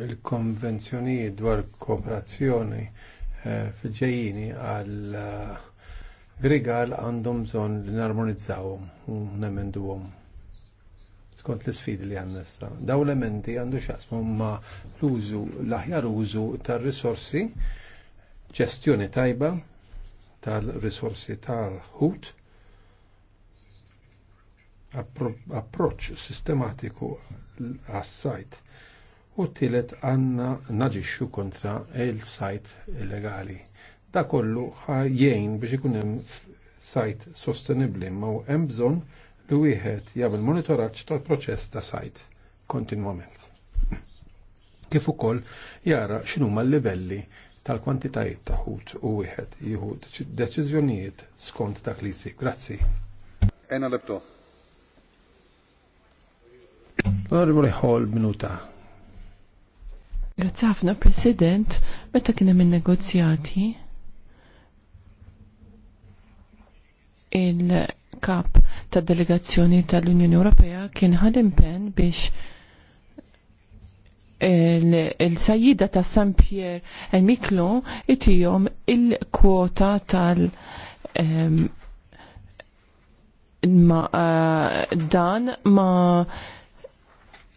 il-konvenzjoni dwar kooperazzjoni eh, fil-ġejjini għal eh, Grigal għandhom bżonn li narmonizzawhom u nemenduhom skont l-sfidi li għanna sta. Daw l-elementi għandu xaqsmu ma l-użu, l-aħjar użu tal-risorsi, ġestjoni tajba tal-risorsi tal-ħut, approċ sistematiku għas-sajt u t tilet għanna naġixxu kontra il-sajt illegali. Da kollu jgħin biex ikun hemm sajt sostenibbli ma hemm bżonn li wieħed jagħmel monitoraġġ tal-proċess ta' sajt kontinwament. Kif ukoll jara x'inhuma l-livelli tal-kwantitajiet ta' ħut u wieħed jieħud deċiżjonijiet skont dak li jsir. Grazzi. Ena lebto. Onorevoli Hall, minuta. Grazzi ħafna, President, meta kien hemm in-negozjati il-kap ta' delegazzjoni tal-Unjoni Ewropea kien pen biex il-sajjida ta' San Pier e Miklo itijom il-kwota tal- ma eh, dan ma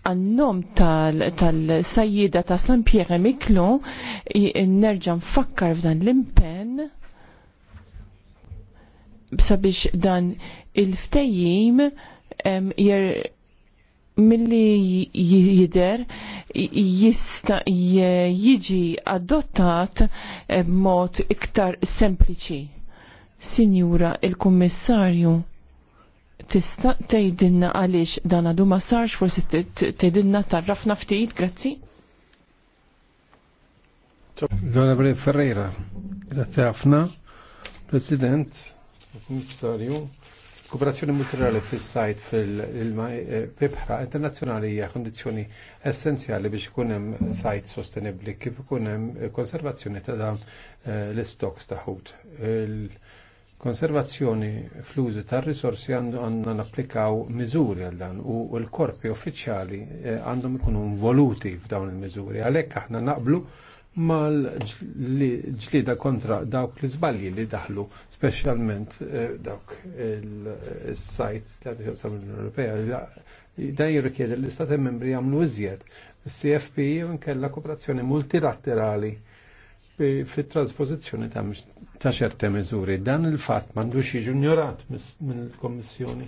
għannom tal-sajjida ta' San Pierre Miklo nerġa' fakkar f'dan l-impenn sabiex dan il-ftejjim mill-li jider jista jiġi adottat b'mod iktar sempliċi. Sinjura il-Kummissarju, tista' tgħidilna għaliex dan għadu ma sarx, forsi tgħidilna tarrafna ftit, grazzi. Dona Ferreira, grazzi ħafna, President, Komissarju, kooperazzjoni multilaterali fis-sajt fil-bibħra e, internazzjonali hija kondizzjoni essenzjali biex ikun hemm sajt sostenibbli kif ikun hemm konservazzjoni ta' dawn e, l-istoks ta' ħut konservazzjoni fl-użu tar risorsi għandna napplikaw miżuri għal dan u l-korpi uffiċjali e, għandhom ikunu involuti f'dawn il-miżuri. Għalhekk aħna naqblu mal-ġlida kontra dawk li zbalji li daħlu, specialment eh, dawk il-sajt li l-Unjoni Ewropea, da jirrikjedi l-Istati membri għamlu iżjed. CFP nkella kooperazzjoni multilaterali fit trasposizzjoni ta' ċerte miżuri. Dan il-fatt m'għandux jiġi ignorat mill-Kommissjoni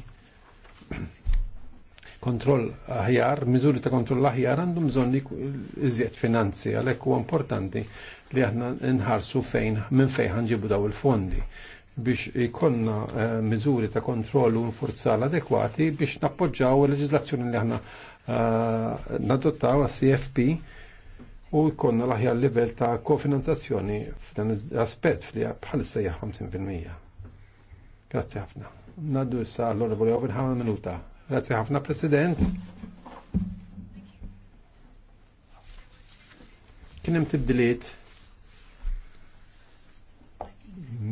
kontroll aħjar, miżuri ta' kontroll aħjar għandhom bżonn iżjed finanzi, għalhekk huwa importanti li aħna nħarsu fejn minn fejn ħanġibu daw il-fondi biex ikonna eh, miżuri ta' kontroll u nfurzal adekwati biex nappoġġaw il leġizlazzjoni li aħna eh, nadottaw għas-CFP u jkollna l-aħjar livell ta' kofinanzazzjoni f'dan l aspett li bħalissa hija 50%. Grazzi ħafna. Naddu issa l-Onorevoli Ovenham minuta. Grazie ħafna, President. Kien hemm tibdiliet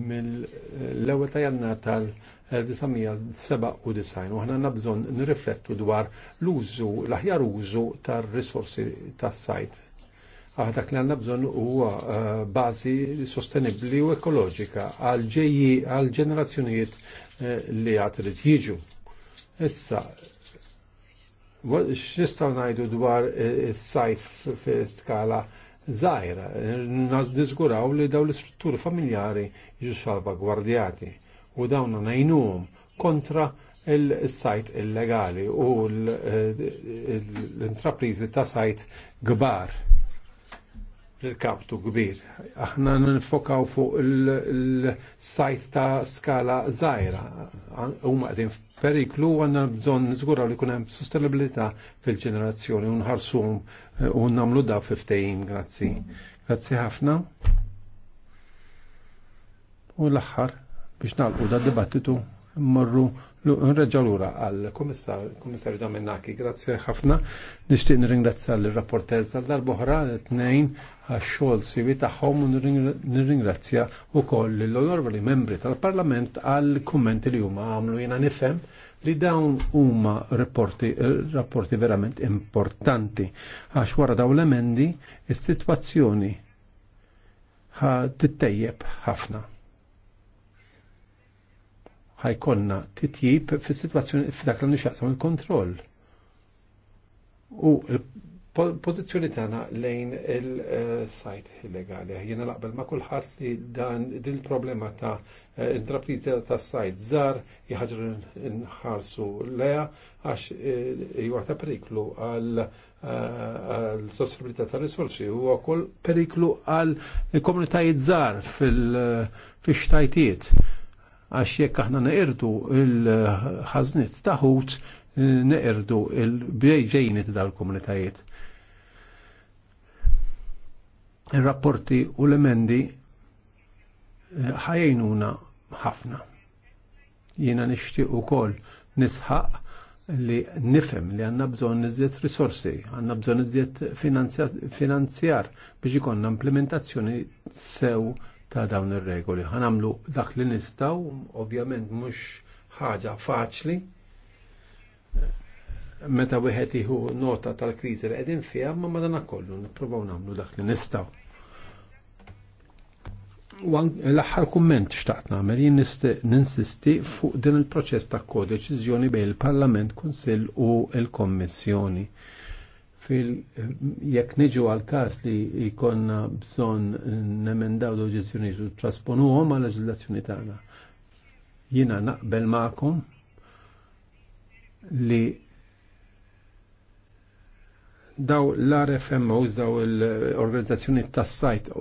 mill-ewwel ta' jannar tal-1997 u aħna għandna bżonn nirriflettu dwar l-użu, l-aħjar użu tar-risorsi tas-sajt. Aħ li għandna bżonn huwa eh, bażi sostenibbli u ekoloġika għal ġeji għal ġenerazzjonijiet eh, li għatrid jiġu. Issa, x'nistgħu ngħidu dwar eh, is-sajf fi skala żgħira, niżguraw li dawn l-istrutturi familjari jiġu salvagwardjati u dawn ngħinuhom kontra il-sajt illegali u eh, l-intrapriżi ta' sajt kbar l-kaptu kbir. Aħna ninfokaw fuq il-sajt ta' skala zaħira. Huma qegħdin f'periklu għanna bżonn niżguraw li kunem hemm fil-ġenerazzjoni u nħarsuhom u nagħmlu da fiftejn, grazzi. Grazzi ħafna. U l axħar biex nalqu da dibattitu mmorru l lura għal komissar Dominaki, grazie ħafna. Nishtiq nirringrazzja l-rapporter Zaldar-Bohra, t-nejn għax-xogħol siwi tagħhom u nirringrazzja wkoll l onorvali membri tal-Parlament għal kummenti li huma għamlu jiena nifhem li dawn huma rapporti, rapporti verament importanti għax wara daw l-emendi is-sitwazzjoni tittejjeb ħafna ħajkonna titjib fis-sitwazzjoni f'dak li nixaqsam il-kontroll. U l-pożizzjoni tagħna lejn il-sajt illegali. Jiena naqbel ma' kulħadd li dan din problema ta' intrapriża ta' sajt żar jħagġer nħarsu leja għax eh, huwa ta' periklu għal eh, l sostribilità ta' risorsi huwa wkoll periklu għal komunitajiet żgħar fil-xtajtiet għax jekk aħna neqirdu il-ħaznit taħut neqirdu il-bjejġejni ta' dal-komunitajiet. Il-rapporti u l-emendi ħajjnuna ħafna. Jiena u kol nisħaq li nifhem li għandna bżonn nizziet risorsi, għandna bżonn iżjed finanzjar biex ikonna implementazzjoni sew ta' dawn ir-regoli. Ħanamlu dak li nistaw, ovvjament mhux ħaġa faċli. Meta wieħed iħu nota tal-kriżi li qegħdin fiha, ma madana kollu nippruvaw nagħmlu dak li nistaw. L-aħħar kumment xtaqt nagħmel jien ninsisti fuq din il-proċess ta' kodeċiżjoni bejn il-Parlament, Kunsill u l-Kommissjoni. il parlament kunsill u l kommissjoni il kommissjoni fil jekk niġu għal każ li jkollna bżonn nemendaw l-oġizjoni u trasponuhom għal leġislazzjoni tagħna. Jiena naqbel magħkom li daw l-RFMOs, daw l-organizzazzjoni tas-sajt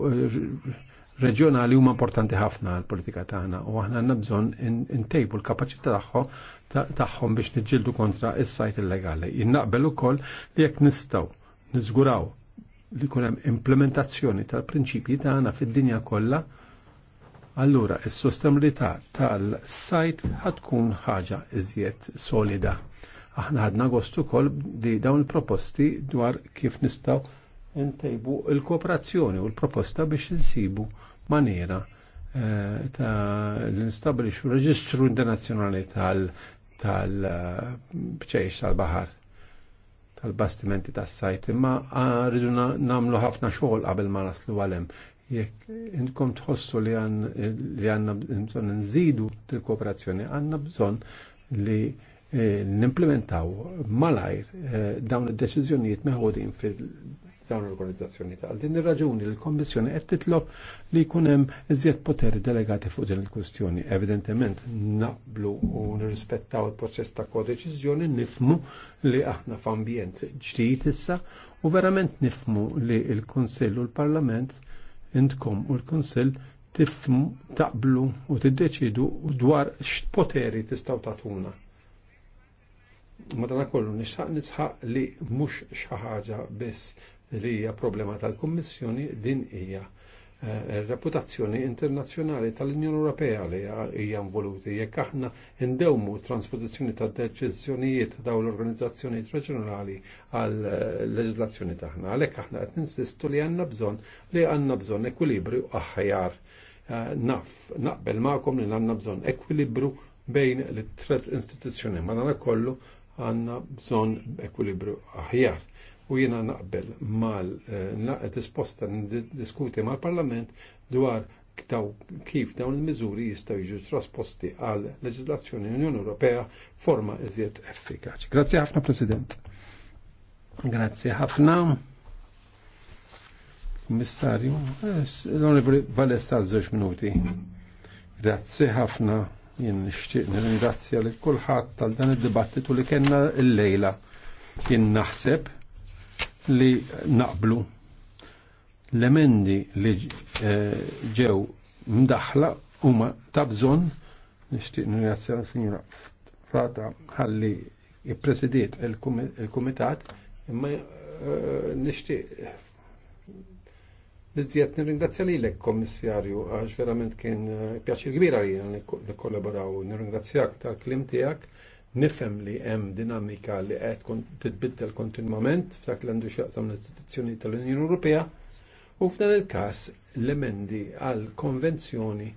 reġjonali huma importanti ħafna għal politika tagħna u aħna għandna bżonn intejbu l-kapaċità tagħhom tagħhom biex niġġieldu kontra is-sajt illegali. Jinnaqbel ukoll li jekk nistgħu niżguraw li kun hemm implementazzjoni tal-prinċipji tagħna fid-dinja kollha, allura s-sostenibilità tal-sajt tkun ħaġa iżjed solida. Aħna ħadna gostu ukoll li dawn il-proposti dwar kif nistgħu ntejbu l-kooperazzjoni u l-proposta biex insibu maniera eh, ta' l-instabilixu reġistru internazjonali tal- tal-bċejx eh, tal-bahar tal-bastimenti tas-sajt imma ah, rridu namlu ħafna xogħol qabel ma naslu għalem jekk inkom tħossu li għanna bżon nżidu til kooperazzjoni għanna bżon li eh, nimplementaw malajr dawn id-deċizjonijiet meħodin fil dawn l-organizzazzjoni. Għal din ir-raġuni l-Kommissjoni qed titlob li jkun hemm iżjed poteri delegati fuq din il-kwistjoni. Evidentement naqblu u nirrispettaw il-proċess ta' kodeċiżjoni nifmu li aħna f'ambjent ġdid issa u verament nifmu li l-Kunsill u l-Parlament intkom u l-Kunsill tifmu, taqblu u tiddeċidu dwar x'poteri tistgħu tagħtuna madanakollu nisħaq nisħaq li mux xaħġa biss li hija problema tal-Kummissjoni din hija eh, reputazzjoni internazzjonali tal-Unjoni Ewropea li hija involuti jekk aħna ndewmu transpożizzjoni ta' deċiżjonijiet ta' dawn l-organizzazzjonijiet reġjonali għal eh, leġislazzjoni tagħna. Għalhekk aħna qed ninsistu li għandna bżonn li għandna bżonn ekwilibru aħjar. Eh, naf, naqbel magħkom li għandna bżonn ekwilibru bejn l-tres istituzzjoni, ma dan kollu għandna bżonn ekwilibru aħjar u jiena naqbel mal eh, naqet isposta diskuti mal-Parlament dwar ktaw kif dawn il-miżuri jistgħu jiġu trasposti għal leġislazzjoni Unjoni Ewropea forma iżjed effikaċi. Grazzi ħafna President. Grazzi ħafna. Kommissarju, eh, l-Onorevoli Valessa żewġ minuti. Grazzi ħafna jien nixtieq nirringrazzja lil kulħadd tal dan id-dibattitu li kellna l-lejla. Jien naħseb li naqblu l-emendi li eh, ġew mdaħla huma ta' bżonn nixtieq nirrazzja signora Frata ħalli jippresidiet il-kumitat imma eh, nixtieq Nizziet nirringrazzja li l kommissarju għax verament kien eh, pjaċir kbira li nikollaboraw, nirringrazzjak tal-klim tijak nifhem li hemm dinamika li qed titbiddel kontinwament f'dak li għandu x'jaqsam l-istituzzjoni tal-Unjoni Ewropea u f'dan il-każ l-emendi għal konvenzjoni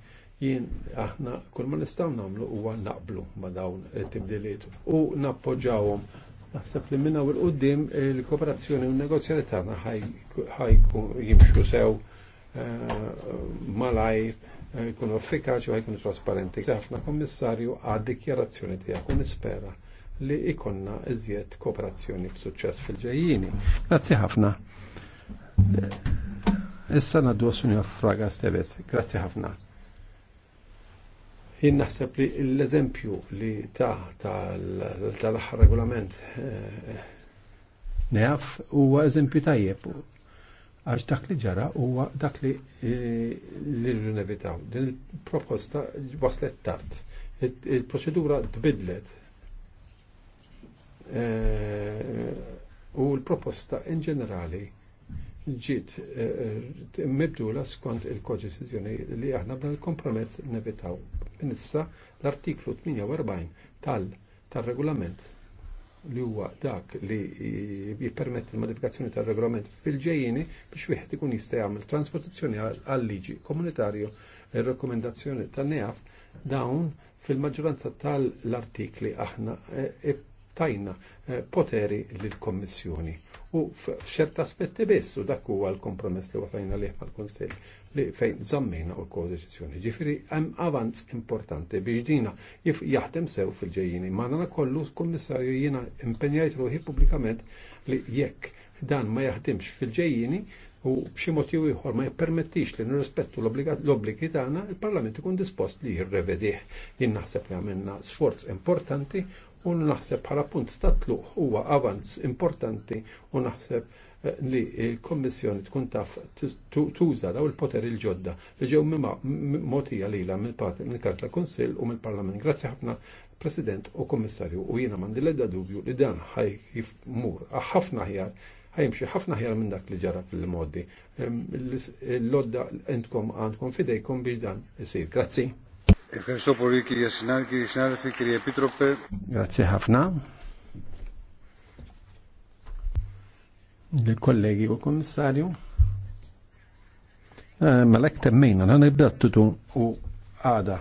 jien aħna kull ma nistgħu nagħmlu huwa naqblu ma' dawn it-tibdiliet u nappoġġawhom Naħseb li minn hawn l il-kooperazzjoni u n negozjali tagħna ħajku jimxu sew eh, malajr jkunu effikaċi u jkunu trasparenti. Ħafna komissarju għad dikjarazzjoni tiegħek u nispera li ikonna iżjed kooperazzjoni b'suċċess fil-ġejjini. Grazzi ħafna. Issa naddu għasunju għaffraga Steves. Grazzi ħafna. Jien naħseb li l-eżempju li ta' tal-aħħar regolament eh, neaf huwa eżempju tajjeb għax dak li ġara huwa dak li e, l Din il-proposta waslet tard. Il-proċedura tbidlet. E, u l-proposta in ġenerali ġiet e, mibdula skont il-koġizzjoni li aħna bna l-kompromess nevitaw. Nissa l-artiklu 48 tal-regolament li huwa dak li jippermetti l-modifikazzjoni tal-regolament fil-ġejjini biex wieħed ikun jista' jagħmel transpożizzjoni għal-liġi komunitarju ir-rekomendazzjoni tan-NEAF dawn fil-maġġoranza tal-artikli aħna e, e, tajna eh, poteri lill-Kommissjoni. U f'xert aspetti biss, u dak huwa l-kompromess li għafajna liħ mal-Konsell li fejn zammina u l-kodeċizjoni. Ġifiri, hemm avanz importanti biex dina jaħdem sew fil-ġejjini. Ma nana kollu kommissarju jiena impenjajt ruħi pubblikament li jekk dan ma jaħdimx fil-ġejjini, u b'xi motiv ieħor ma jippermettix li nirrispettu l-obbligi tagħna, il-Parlament ikun dispost li jirrevedih. Jien naħseb li għamilna sforz importanti u naħseb bħala punt ta' huwa avanz importanti u naħseb eh, li l-Kommissjoni tkun taf tuża daw il-poteri l-ġodda li ġew motija lila mill-Karta Konsil u mill-Parlament. Grazzi ħafna President u Kommissarju u jiena mandi l-edda dubju li dan ħaj mur ħafna ħjar ħajmxie ħafna ħjar minn dak li ġara fil modi L-lodda entkom għandkom fidejkom biex dan isir. Grazzi. Ευχαριστώ πολύ κύριε συνάδελφοι, κύριε Επίτροπε. Grazie ħafna. Il-kollegi u kommissarju. Eh, malek temmejna, għan ibdattutu u għada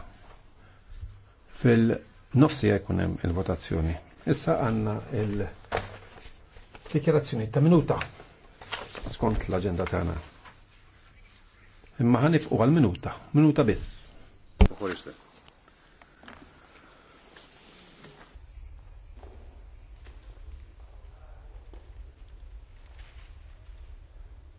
fil-nofsi jekunem il-votazzjoni. Issa għanna il-dikjerazzjoni ta' minuta skont l-agenda tagħna. Imma u għal minuta, minuta biss. Χωρίστε.